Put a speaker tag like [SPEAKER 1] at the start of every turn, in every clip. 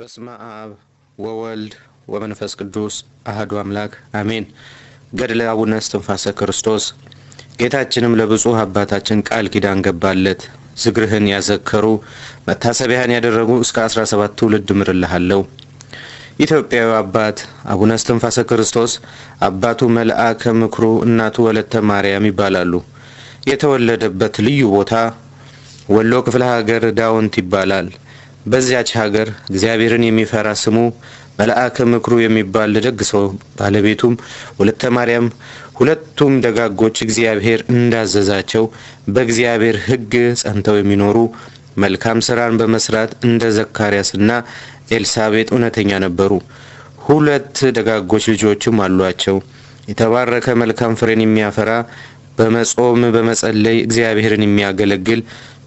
[SPEAKER 1] በስመ አብ ወወልድ ወመንፈስ ቅዱስ አህዱ አምላክ አሜን። ገድለ አቡነ እስትንፋሰ ክርስቶስ። ጌታችንም ለብፁዕ አባታችን ቃል ኪዳን ገባለት። ዝግርህን ያዘከሩ መታሰቢያህን ያደረጉ እስከ 17 ትውልድ ምርልሃለው። ኢትዮጵያዊ አባት አቡነ እስትንፋሰ ክርስቶስ አባቱ መልአከ ምክሩ፣ እናቱ ወለተ ማርያም ይባላሉ። የተወለደበት ልዩ ቦታ ወሎ ክፍለ ሀገር ዳውንት ይባላል። በዚያች ሀገር እግዚአብሔርን የሚፈራ ስሙ መልአከ ምክሩ የሚባል ደግ ሰው ባለቤቱም ወለተ ማርያም ሁለቱም ደጋጎች እግዚአብሔር እንዳዘዛቸው በእግዚአብሔር ሕግ ጸንተው የሚኖሩ መልካም ስራን በመስራት እንደ ዘካርያስና ኤልሳቤጥ እውነተኛ ነበሩ። ሁለት ደጋጎች ልጆችም አሏቸው። የተባረከ መልካም ፍሬን የሚያፈራ በመጾም በመጸለይ እግዚአብሔርን የሚያገለግል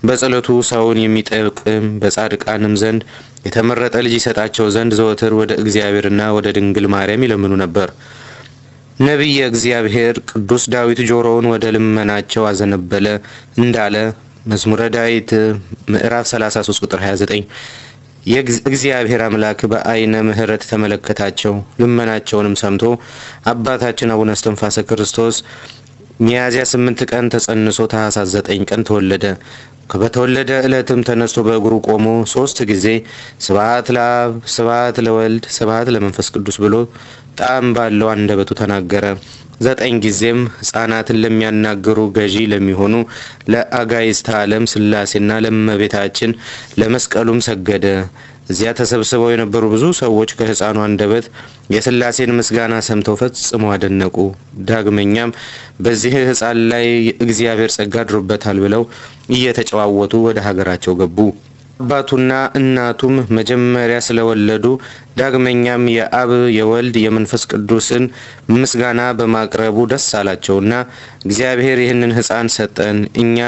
[SPEAKER 1] በጸሎቱ ሰውን የሚጠቅም በጻድቃንም ዘንድ የተመረጠ ልጅ ይሰጣቸው ዘንድ ዘወትር ወደ እግዚአብሔርና ወደ ድንግል ማርያም ይለምኑ ነበር። ነቢየ እግዚአብሔር ቅዱስ ዳዊት ጆሮውን ወደ ልመናቸው አዘነበለ እንዳለ መዝሙረ ዳዊት ምዕራፍ 33 ቁጥር 29 የእግዚአብሔር አምላክ በአይነ ምሕረት ተመለከታቸው፣ ልመናቸውንም ሰምቶ አባታችን አቡነ እስትንፋሰ ክርስቶስ ሚያዝያ ስምንት ቀን ተጸንሶ ታኅሳስ ዘጠኝ ቀን ተወለደ። በተወለደ ዕለትም ተነስቶ በእግሩ ቆሞ ሶስት ጊዜ ስብሐት ለአብ ስብሐት ለወልድ ስብሐት ለመንፈስ ቅዱስ ብሎ ጣዕም ባለው አንደበቱ ተናገረ። ዘጠኝ ጊዜም ሕፃናትን ለሚያናግሩ ገዢ ለሚሆኑ ለአጋዕዝተ ዓለም ስላሴና ለእመቤታችን ለመስቀሉም ሰገደ። እዚያ ተሰብስበው የነበሩ ብዙ ሰዎች ከሕፃኑ አንደበት የሥላሴን ምስጋና ሰምተው ፈጽሞ አደነቁ። ዳግመኛም በዚህ ሕፃን ላይ እግዚአብሔር ጸጋ አድሮበታል ብለው እየተጨዋወቱ ወደ ሀገራቸው ገቡ። አባቱና እናቱም መጀመሪያ ስለወለዱ ዳግመኛም የአብ የወልድ የመንፈስ ቅዱስን ምስጋና በማቅረቡ ደስ አላቸውና እግዚአብሔር ይህንን ሕፃን ሰጠን፣ እኛ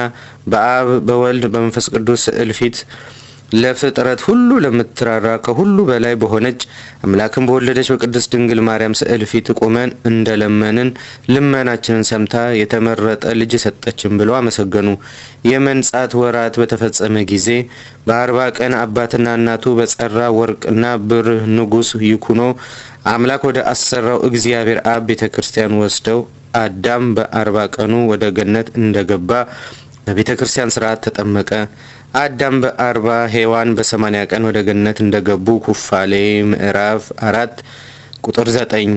[SPEAKER 1] በአብ በወልድ በመንፈስ ቅዱስ ስዕል ፊት ለፍጥረት ሁሉ ለምትራራ ከሁሉ በላይ በሆነች አምላክን በወለደች በቅድስት ድንግል ማርያም ስዕል ፊት ቆመን እንደለመንን ልመናችንን ሰምታ የተመረጠ ልጅ ሰጠችን ብለው አመሰገኑ። የመንጻት ወራት በተፈጸመ ጊዜ በአርባ ቀን አባትና እናቱ በጸራ ወርቅና ብር ንጉሥ ይኩኖ አምላክ ወደ አሰራው እግዚአብሔር አብ ቤተ ክርስቲያን ወስደው አዳም በአርባ ቀኑ ወደ ገነት እንደገባ በቤተ ክርስቲያን ስርዓት ተጠመቀ። አዳም በአርባ ሔዋን በሰማንያ ቀን ወደ ገነት እንደገቡ ኩፋሌ ምዕራፍ አራት ቁጥር ዘጠኝ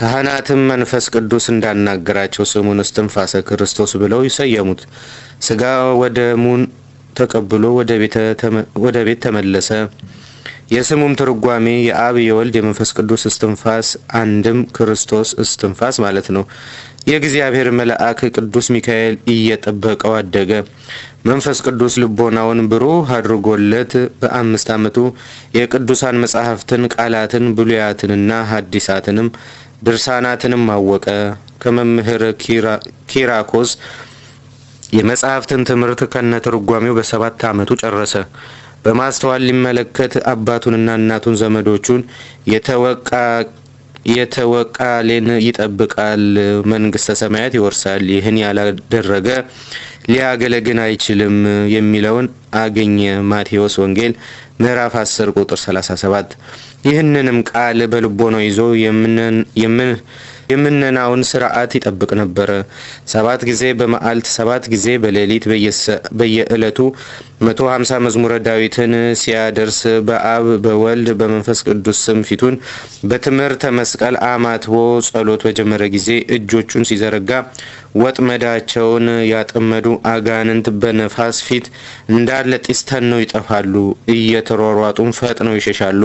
[SPEAKER 1] ካህናትም መንፈስ ቅዱስ እንዳናገራቸው ስሙን እስትንፋሰ ክርስቶስ ብለው ይሰየሙት። ስጋ ወደሙን ተቀብሎ ወደ ቤት ተመለሰ። የስሙም ትርጓሜ የአብ የወልድ የመንፈስ ቅዱስ እስትንፋስ አንድም ክርስቶስ እስትንፋስ ማለት ነው። የእግዚአብሔር መልአክ ቅዱስ ሚካኤል እየጠበቀው አደገ። መንፈስ ቅዱስ ልቦናውን ብሩህ አድርጎለት በአምስት ዓመቱ የቅዱሳን መጻሕፍትን ቃላትን፣ ብሉያትንና ሐዲሳትንም ድርሳናትንም አወቀ። ከመምህር ኪራኮስ የመጻሕፍትን ትምህርት ከነ ትርጓሜው በሰባት ዓመቱ ጨረሰ። በማስተዋል ሊመለከት አባቱንና እናቱን ዘመዶቹን የተወቃ የተወቃሌን ይጠብቃል፣ መንግስተ ሰማያት ይወርሳል። ይህን ያላደረገ ሊያገለግን አይችልም የሚለውን አገኘ። ማቴዎስ ወንጌል ምዕራፍ 10 ቁጥር 37። ይህንንም ቃል በልቦ ነው ይዞ የምን የምነናውን ስርዓት ይጠብቅ ነበር! ሰባት ጊዜ በመዓልት ሰባት ጊዜ በሌሊት በየዕለቱ 150 ሀምሳ መዝሙረ ዳዊትን ሲያደርስ በአብ በወልድ በመንፈስ ቅዱስ ስም ፊቱን በትምህርተ መስቀል አማትቦ ጸሎት በጀመረ ጊዜ እጆቹን ሲዘረጋ ወጥመዳቸውን ያጠመዱ አጋንንት በነፋስ ፊት እንዳለ ጢስ ተነው ይጠፋሉ፣ እየተሯሯጡም ፈጥነው ይሸሻሉ።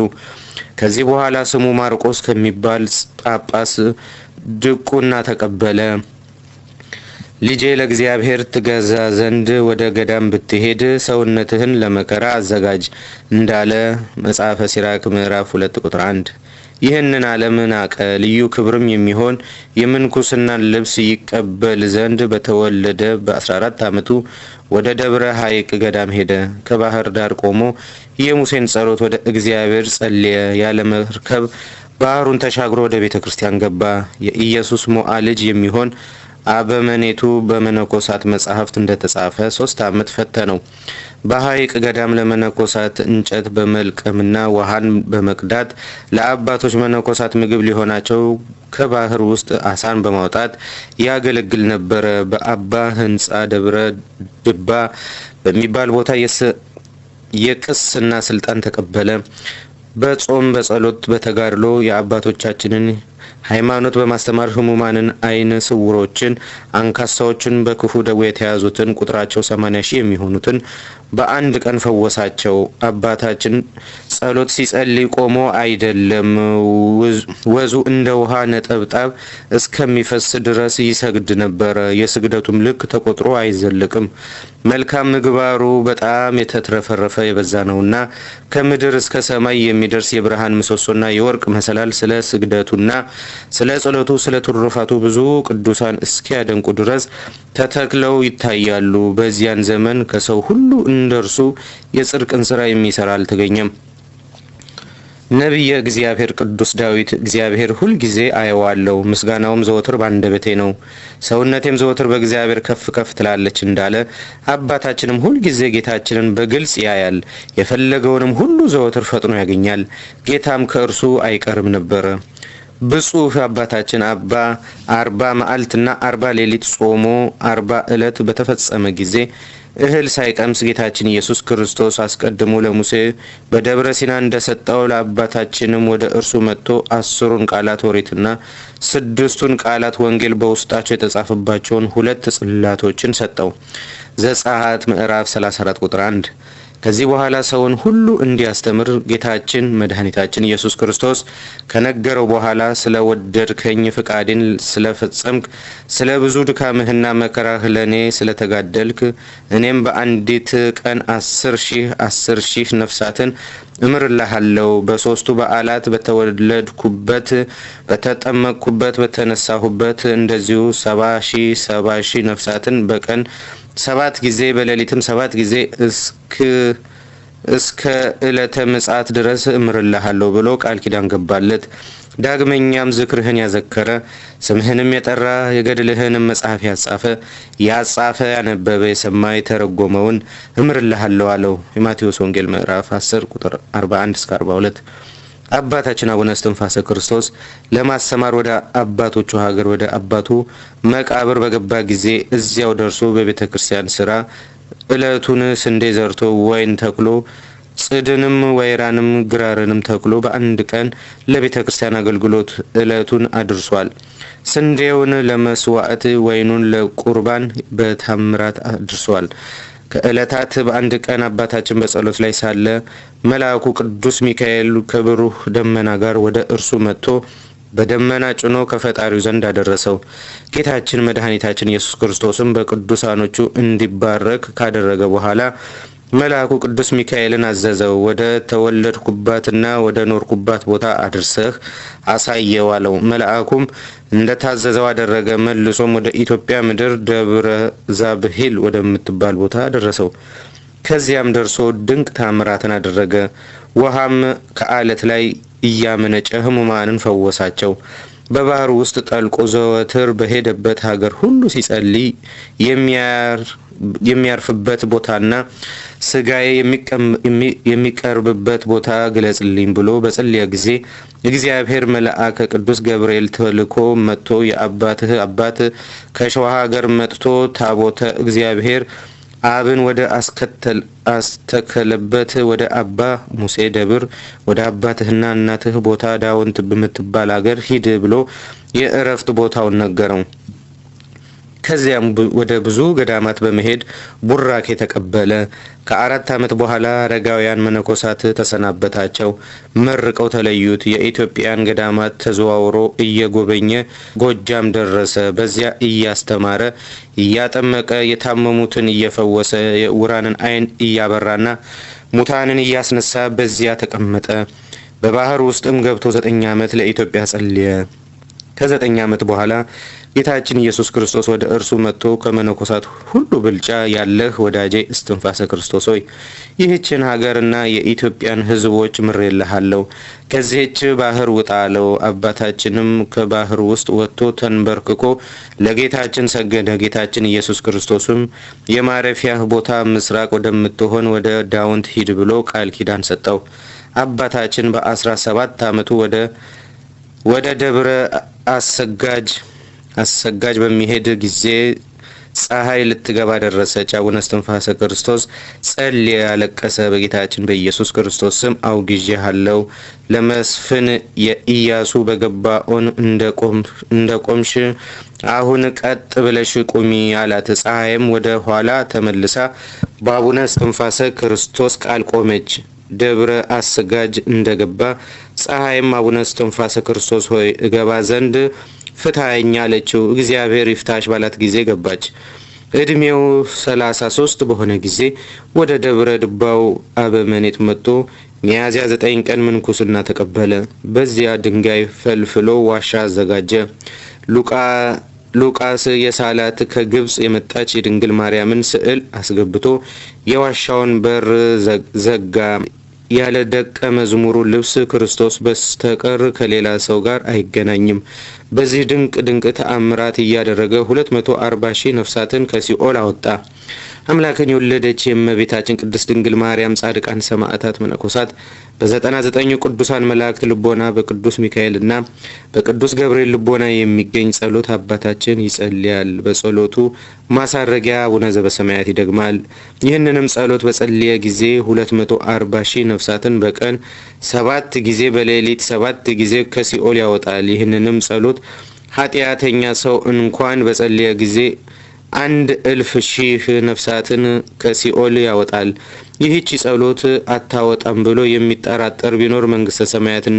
[SPEAKER 1] ከዚህ በኋላ ስሙ ማርቆስ ከሚባል ጳጳስ ድቁና ተቀበለ። ልጄ ለእግዚአብሔር ትገዛ ዘንድ ወደ ገዳም ብትሄድ ሰውነትህን ለመከራ አዘጋጅ እንዳለ መጽሐፈ ሲራክ ምዕራፍ ሁለት ቁጥር አንድ ይህንን ዓለም ናቀ። ልዩ ክብርም የሚሆን የምንኩስናን ልብስ ይቀበል ዘንድ በተወለደ በ14 ዓመቱ ወደ ደብረ ሐይቅ ገዳም ሄደ። ከባህር ዳር ቆሞ የሙሴን ጸሎት ወደ እግዚአብሔር ጸለየ። ያለ መርከብ ባህሩን ተሻግሮ ወደ ቤተ ክርስቲያን ገባ። የኢየሱስ ሞዓ ልጅ የሚሆን አበመኔቱ በመነኮሳት መጽሐፍት እንደተጻፈ ሶስት ዓመት ፈተነው። በሐይቅ ገዳም ለመነኮሳት እንጨት በመልቀምና ውሃን በመቅዳት ለአባቶች መነኮሳት ምግብ ሊሆናቸው ከባህር ውስጥ አሳን በማውጣት ያገለግል ነበረ። በአባ ህንፃ ደብረ ድባ በሚባል ቦታ የቅስና ስልጣን ተቀበለ። በጾም በጸሎት በተጋድሎ የአባቶቻችንን ሃይማኖት በማስተማር ህሙማንን፣ አይነ ስውሮችን፣ አንካሳዎችን፣ በክፉ ደዌ የተያዙትን ቁጥራቸው 8 ሺህ የሚሆኑትን በአንድ ቀን ፈወሳቸው። አባታችን ጸሎት ሲጸልይ ቆሞ አይደለም፣ ወዙ እንደ ውሃ ነጠብጣብ እስከሚፈስ ድረስ ይሰግድ ነበረ። የስግደቱም ልክ ተቆጥሮ አይዘልቅም። መልካም ምግባሩ በጣም የተትረፈረፈ የበዛ ነውና ከምድር እስከ ሰማይ የሚደርስ የብርሃን ምሰሶና የወርቅ መሰላል ስለ ስግደቱና ስለ ጸሎቱ፣ ስለ ትሩፋቱ ብዙ ቅዱሳን እስኪያደንቁ ድረስ ተተክለው ይታያሉ። በዚያን ዘመን ከሰው ሁሉ እንደርሱ የጽድቅን ስራ የሚሰራ አልተገኘም። ነቢየ እግዚአብሔር ቅዱስ ዳዊት እግዚአብሔር ሁልጊዜ አየዋለሁ፣ ምስጋናውም ዘወትር ባንደበቴ ነው፣ ሰውነቴም ዘወትር በእግዚአብሔር ከፍ ከፍ ትላለች እንዳለ አባታችንም ሁልጊዜ ጌታችንን በግልጽ ያያል፣ የፈለገውንም ሁሉ ዘወትር ፈጥኖ ያገኛል። ጌታም ከእርሱ አይቀርም ነበረ። ብፁህ አባታችን አባ አርባ መዓልትና አርባ ሌሊት ጾሞ አርባ ዕለት በተፈጸመ ጊዜ እህል ሳይቀምስ ጌታችን ኢየሱስ ክርስቶስ አስቀድሞ ለሙሴ በደብረ ሲና እንደሰጠው ለአባታችንም ወደ እርሱ መጥቶ አስሩን ቃላት ኦሪትና ስድስቱን ቃላት ወንጌል በውስጣቸው የተጻፈባቸውን ሁለት ጽላቶችን ሰጠው። ዘጸአት ምዕራፍ 34 ቁጥር 1 ከዚህ በኋላ ሰውን ሁሉ እንዲያስተምር ጌታችን መድኃኒታችን ኢየሱስ ክርስቶስ ከነገረው በኋላ ስለ ወደድከኝ፣ ፍቃድን ስለፈጸምክ፣ ስለ ብዙ ድካምህና መከራህ ለእኔ ስለተጋደልክ እኔም በአንዲት ቀን አስር ሺህ አስር ሺህ ነፍሳትን እምርልሃለሁ በሶስቱ በዓላት በተወለድኩበት፣ በተጠመቅኩበት፣ በተነሳሁበት እንደዚሁ ሰባ ሺህ ሰባ ሺህ ነፍሳትን በቀን ሰባት ጊዜ በሌሊትም ሰባት ጊዜ እስከ እለተ ምጽአት ድረስ እምርልሃለሁ ብሎ ቃል ኪዳን ገባለት። ዳግመኛም ዝክርህን ያዘከረ ስምህንም የጠራ የገድልህንም መጽሐፍ ያጻፈ ያጻፈ ያነበበ የሰማ የተረጎመውን እምርልሃለሁ አለው። የማቴዎስ ወንጌል ምዕራፍ 10 ቁጥር 41 እስከ 42 አባታችን አቡነ እስትንፋሰ ክርስቶስ ለማሰማር ወደ አባቶቹ ሀገር ወደ አባቱ መቃብር በገባ ጊዜ እዚያው ደርሶ በቤተ ክርስቲያን ስራ እለቱን ስንዴ ዘርቶ ወይን ተክሎ ጽድንም ወይራንም ግራርንም ተክሎ በአንድ ቀን ለቤተ ክርስቲያን አገልግሎት እለቱን አድርሷል። ስንዴውን ለመስዋዕት፣ ወይኑን ለቁርባን በታምራት አድርሷል። ከእለታት በአንድ ቀን አባታችን በጸሎት ላይ ሳለ መልአኩ ቅዱስ ሚካኤል ከብሩህ ደመና ጋር ወደ እርሱ መጥቶ በደመና ጭኖ ከፈጣሪው ዘንድ አደረሰው። ጌታችን መድኃኒታችን ኢየሱስ ክርስቶስም በቅዱሳኖቹ እንዲባረክ ካደረገ በኋላ መልአኩ ቅዱስ ሚካኤልን አዘዘው። ወደ ተወለድኩባትና ወደ ኖርኩባት ቦታ አድርሰህ አሳየው አለው። መልአኩም እንደ ታዘዘው አደረገ። መልሶም ወደ ኢትዮጵያ ምድር ደብረ ዛብሄል ወደምትባል ቦታ አደረሰው። ከዚያም ደርሶ ድንቅ ታምራትን አደረገ። ውሃም ከአለት ላይ እያመነጨ ህሙማንን ፈወሳቸው። በባህር ውስጥ ጠልቆ ዘወትር በሄደበት ሀገር ሁሉ ሲጸልይ የሚያር የሚያርፍበት ቦታና ስጋዬ የሚቀርብበት ቦታ ግለጽልኝ ብሎ በጸለየ ጊዜ እግዚአብሔር መልአከ ቅዱስ ገብርኤል ተልኮ መጥቶ የአባትህ አባት ከሸዋ ሀገር መጥቶ ታቦተ እግዚአብሔር አብን ወደ አስተከለበት ወደ አባ ሙሴ ደብር ወደ አባትህና እናትህ ቦታ ዳውንት በምትባል አገር ሂድ ብሎ የእረፍት ቦታውን ነገረው። ከዚያም ወደ ብዙ ገዳማት በመሄድ ቡራክ የተቀበለ ከአራት ዓመት በኋላ አረጋውያን መነኮሳት ተሰናበታቸው፣ መርቀው ተለዩት። የኢትዮጵያን ገዳማት ተዘዋውሮ እየጎበኘ ጎጃም ደረሰ። በዚያ እያስተማረ እያጠመቀ፣ የታመሙትን እየፈወሰ፣ የውራንን ዓይን እያበራና ሙታንን እያስነሳ በዚያ ተቀመጠ። በባህር ውስጥም ገብቶ ዘጠኝ ዓመት ለኢትዮጵያ ጸልየ። ከዘጠኝ ዓመት በኋላ ጌታችን ኢየሱስ ክርስቶስ ወደ እርሱ መጥቶ ከመነኮሳት ሁሉ ብልጫ ያለህ ወዳጄ እስትንፋሰ ክርስቶስ ሆይ ይህችን ሀገርና የኢትዮጵያን ሕዝቦች ምሬልሃለሁ። ከዚህች ባህር ውጣ አለው። አባታችንም ከባህር ውስጥ ወጥቶ ተንበርክኮ ለጌታችን ሰገደ። ጌታችን ኢየሱስ ክርስቶስም የማረፊያ ቦታ ምስራቅ ወደምትሆን ወደ ዳውንት ሂድ ብሎ ቃል ኪዳን ሰጠው። አባታችን በ 17 አመቱ ወደ ወደ ደብረ አሰጋጅ አሰጋጅ በሚሄድ ጊዜ ፀሐይ ልትገባ ደረሰች። አቡነ እስትንፋሰ ክርስቶስ ጸል ያለቀሰ በጌታችን በኢየሱስ ክርስቶስ ስም አውግዤሃለሁ። ለመስፍን የኢያሱ በገባኦን እንደ ቆምሽ አሁን ቀጥ ብለሽ ቁሚ አላት። ፀሐይም ወደ ኋላ ተመልሳ በአቡነ እስትንፋሰ ክርስቶስ ቃል ቆመች። ደብረ አሰጋጅ እንደገባ ፀሐይም አቡነ እስትንፋሰ ክርስቶስ ሆይ እገባ ዘንድ ፍታኝ አለችው። እግዚአብሔር ይፍታሽ ባላት ጊዜ ገባች። እድሜው ሰላሳ ሶስት በሆነ ጊዜ ወደ ደብረ ድባው አበመኔት መጥቶ ሚያዝያ ዘጠኝ ቀን ምንኩስና ተቀበለ። በዚያ ድንጋይ ፈልፍሎ ዋሻ አዘጋጀ። ሉቃስ የሳላት ከግብፅ የመጣች የድንግል ማርያምን ስዕል አስገብቶ የዋሻውን በር ዘጋ። ያለ ደቀ መዝሙሩ ልብስ ክርስቶስ በስተቀር ከሌላ ሰው ጋር አይገናኝም። በዚህ ድንቅ ድንቅ ተአምራት እያደረገ 240 ሺህ ነፍሳትን ከሲኦል አወጣ። አምላክን የወለደች የእመቤታችን ቅድስት ድንግል ማርያም፣ ጻድቃን፣ ሰማዕታት፣ መነኮሳት በዘጠና ዘጠኙ ቅዱሳን መላእክት ልቦና በቅዱስ ሚካኤል እና በቅዱስ ገብርኤል ልቦና የሚገኝ ጸሎት አባታችን ይጸልያል። በጸሎቱ ማሳረጊያ አቡነ ዘበሰማያት ይደግማል። ይህንንም ጸሎት በጸለየ ጊዜ 240 ሺህ ነፍሳትን በቀን ሰባት ጊዜ በሌሊት ሰባት ጊዜ ከሲኦል ያወጣል። ይህንንም ጸሎት ኃጢአተኛ ሰው እንኳን በጸለየ ጊዜ አንድ እልፍ ሺህ ነፍሳትን ከሲኦል ያወጣል። ይህች ጸሎት አታወጣም ብሎ የሚጠራጠር ቢኖር መንግስተ ሰማያትን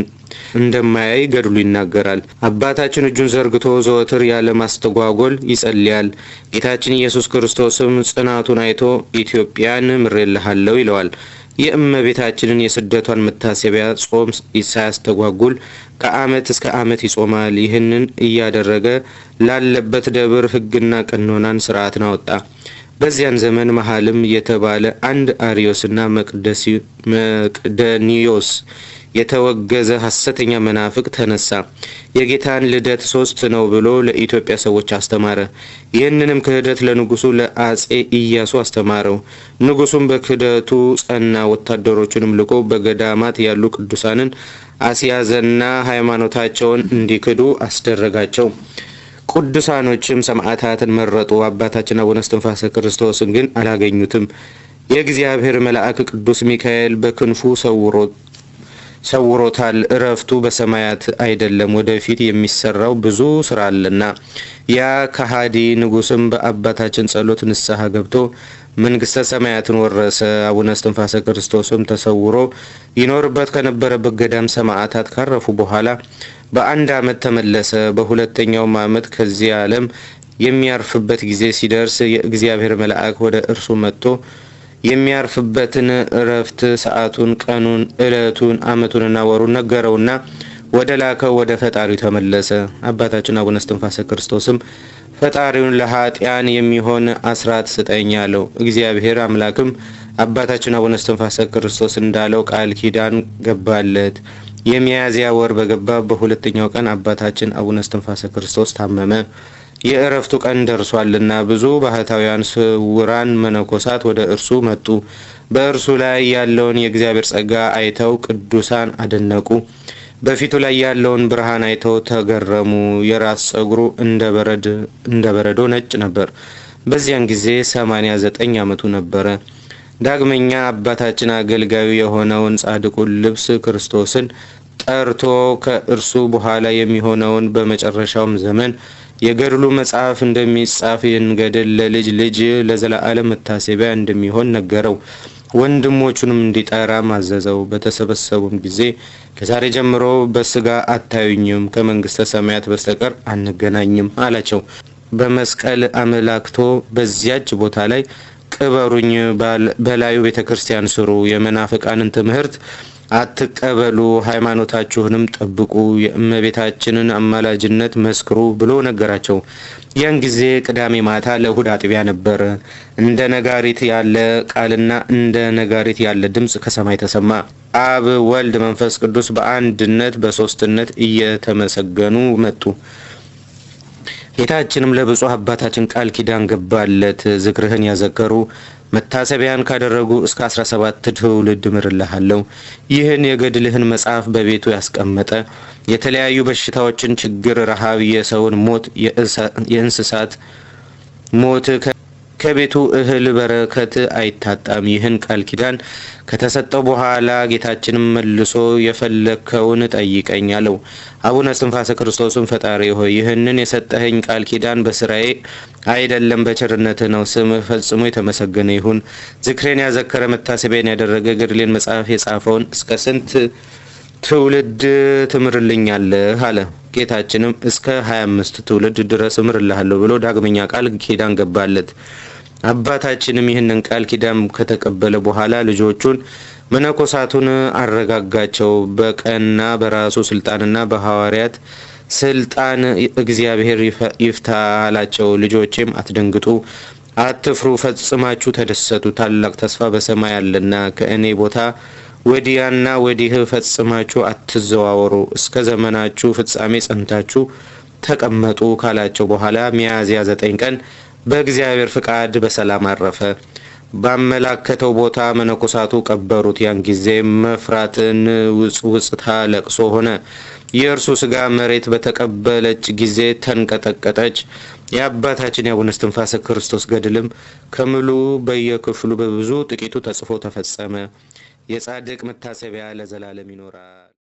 [SPEAKER 1] እንደማያይ ገድሉ ይናገራል። አባታችን እጁን ዘርግቶ ዘወትር ያለ ማስተጓጎል ይጸልያል። ጌታችን ኢየሱስ ክርስቶስም ጽናቱን አይቶ ኢትዮጵያን ምሬልሃለሁ ይለዋል። የእመቤታችንን የስደቷን መታሰቢያ ጾም ሳያስተጓጉል ከአመት እስከ አመት ይጾማል። ይህንን እያደረገ ላለበት ደብር ሕግና ቀኖናን ስርዓትን አወጣ። በዚያን ዘመን መሀልም የተባለ አንድ አሪዮስና መቅደኒዮስ የተወገዘ ሐሰተኛ መናፍቅ ተነሳ። የጌታን ልደት ሶስት ነው ብሎ ለኢትዮጵያ ሰዎች አስተማረ። ይህንንም ክህደት ለንጉሱ ለአጼ ኢያሱ አስተማረው። ንጉሱም በክህደቱ ጸና። ወታደሮቹንም ልኮ በገዳማት ያሉ ቅዱሳንን አስያዘና ሃይማኖታቸውን እንዲክዱ አስደረጋቸው። ቅዱሳኖችም ሰማዕታትን መረጡ። አባታችን አቡነ እስትንፋሰ ክርስቶስን ግን አላገኙትም። የእግዚአብሔር መልአክ ቅዱስ ሚካኤል በክንፉ ሰውሮት ሰውሮታል። እረፍቱ በሰማያት አይደለም፣ ወደፊት የሚሰራው ብዙ ስራ አለና። ያ ከሃዲ ንጉስም በአባታችን ጸሎት ንስሐ ገብቶ መንግስተ ሰማያትን ወረሰ። አቡነ እስትንፋሰ ክርስቶስም ተሰውሮ ይኖርበት ከነበረበት ገዳም ሰማዕታት ካረፉ በኋላ በአንድ አመት ተመለሰ። በሁለተኛውም አመት ከዚህ ዓለም የሚያርፍበት ጊዜ ሲደርስ የእግዚአብሔር መልአክ ወደ እርሱ መጥቶ የሚያርፍበትን እረፍት ሰዓቱን፣ ቀኑን፣ እለቱን ዓመቱንና ወሩን ነገረውና ወደ ላከው ወደ ፈጣሪው ተመለሰ። አባታችን አቡነ እስትንፋሰ ክርስቶስም ፈጣሪውን ለኃጢያን የሚሆን አስራት ስጠኝ አለው። እግዚአብሔር አምላክም አባታችን አቡነ እስትንፋሰ ክርስቶስ እንዳለው ቃል ኪዳን ገባለት። የሚያዝያ ወር በገባ በሁለተኛው ቀን አባታችን አቡነ እስትንፋሰ ክርስቶስ ታመመ። የእረፍቱ ቀን ደርሷልና ብዙ ባህታውያን ስውራን መነኮሳት ወደ እርሱ መጡ። በእርሱ ላይ ያለውን የእግዚአብሔር ጸጋ አይተው ቅዱሳን አደነቁ። በፊቱ ላይ ያለውን ብርሃን አይተው ተገረሙ። የራስ ጸጉሩ እንደ በረዶ ነጭ ነበር። በዚያን ጊዜ 89 ዓመቱ ነበረ። ዳግመኛ አባታችን አገልጋዩ የሆነውን ጻድቁን ልብስ ክርስቶስን ጠርቶ ከእርሱ በኋላ የሚሆነውን በመጨረሻውም ዘመን የገድሉ መጽሐፍ እንደሚጻፍ ይህን ገድል ለልጅ ልጅ ለዘላለም መታሰቢያ እንደሚሆን ነገረው። ወንድሞቹንም እንዲጠራ ማዘዘው። በተሰበሰቡም ጊዜ ከዛሬ ጀምሮ በስጋ አታዩኝም፣ ከመንግስተ ሰማያት በስተቀር አንገናኝም አላቸው። በመስቀል አመላክቶ በዚያች ቦታ ላይ ቅበሩኝ፣ በላዩ ቤተ ክርስቲያን ስሩ፣ የመናፍቃንን ትምህርት አትቀበሉ፣ ሃይማኖታችሁንም ጠብቁ፣ የእመቤታችንን አማላጅነት መስክሩ ብሎ ነገራቸው። ያን ጊዜ ቅዳሜ ማታ ለእሁድ አጥቢያ ነበር። እንደ ነጋሪት ያለ ቃልና እንደ ነጋሪት ያለ ድምፅ ከሰማይ ተሰማ። አብ፣ ወልድ፣ መንፈስ ቅዱስ በአንድነት በሶስትነት እየተመሰገኑ መጡ። ጌታችንም ለብፁዕ አባታችን ቃል ኪዳን ገባለት። ዝክርህን ያዘከሩ መታሰቢያን ካደረጉ እስከ 17 ትውልድ ምርልሃለሁ። ይህን የገድልህን መጽሐፍ በቤቱ ያስቀመጠ የተለያዩ በሽታዎችን፣ ችግር፣ ረሃብ፣ የሰውን ሞት፣ የእንስሳት ሞት ከቤቱ እህል በረከት አይታጣም። ይህን ቃል ኪዳን ከተሰጠው በኋላ ጌታችንም መልሶ የፈለግከውን ጠይቀኝ አለው። አቡነ እስትንፋሰ ክርስቶስም ፈጣሪ ሆይ ይህንን የሰጠኸኝ ቃል ኪዳን በስራዬ አይደለም በችርነት ነው። ስም ፈጽሞ የተመሰገነ ይሁን። ዝክሬን ያዘከረ መታሰቢያን ያደረገ ግድሌን መጽሐፍ የጻፈውን እስከ ስንት ትውልድ ትምርልኛለህ? አለ። ጌታችንም እስከ 25 ትውልድ ድረስ እምርልሃለሁ ብሎ ዳግመኛ ቃል ኪዳን ገባለት። አባታችንም ይህንን ቃል ኪዳም ከተቀበለ በኋላ ልጆቹን መነኮሳቱን አረጋጋቸው። በቀና በራሱ ስልጣንና በሐዋርያት ስልጣን እግዚአብሔር ይፍታ አላቸው። ልጆቼም አትደንግጡ፣ አትፍሩ፣ ፈጽማችሁ ተደሰቱ። ታላቅ ተስፋ በሰማይ አለና ከእኔ ቦታ ወዲያና ወዲህ ፈጽማችሁ አትዘዋወሩ፣ እስከ ዘመናችሁ ፍጻሜ ጸንታችሁ ተቀመጡ ካላቸው በኋላ ሚያዝያ ዘጠኝ ቀን በእግዚአብሔር ፍቃድ በሰላም አረፈ። ባመላከተው ቦታ መነኮሳቱ ቀበሩት። ያን ጊዜ መፍራትን ውጽውጽታ ለቅሶ ሆነ። የእርሱ ስጋ መሬት በተቀበለች ጊዜ ተንቀጠቀጠች። የአባታችን የአቡነ እስትንፋሰ ክርስቶስ ገድልም ከምሉ በየክፍሉ በብዙ ጥቂቱ ተጽፎ ተፈጸመ። የጻድቅ መታሰቢያ ለዘላለም ይኖራል።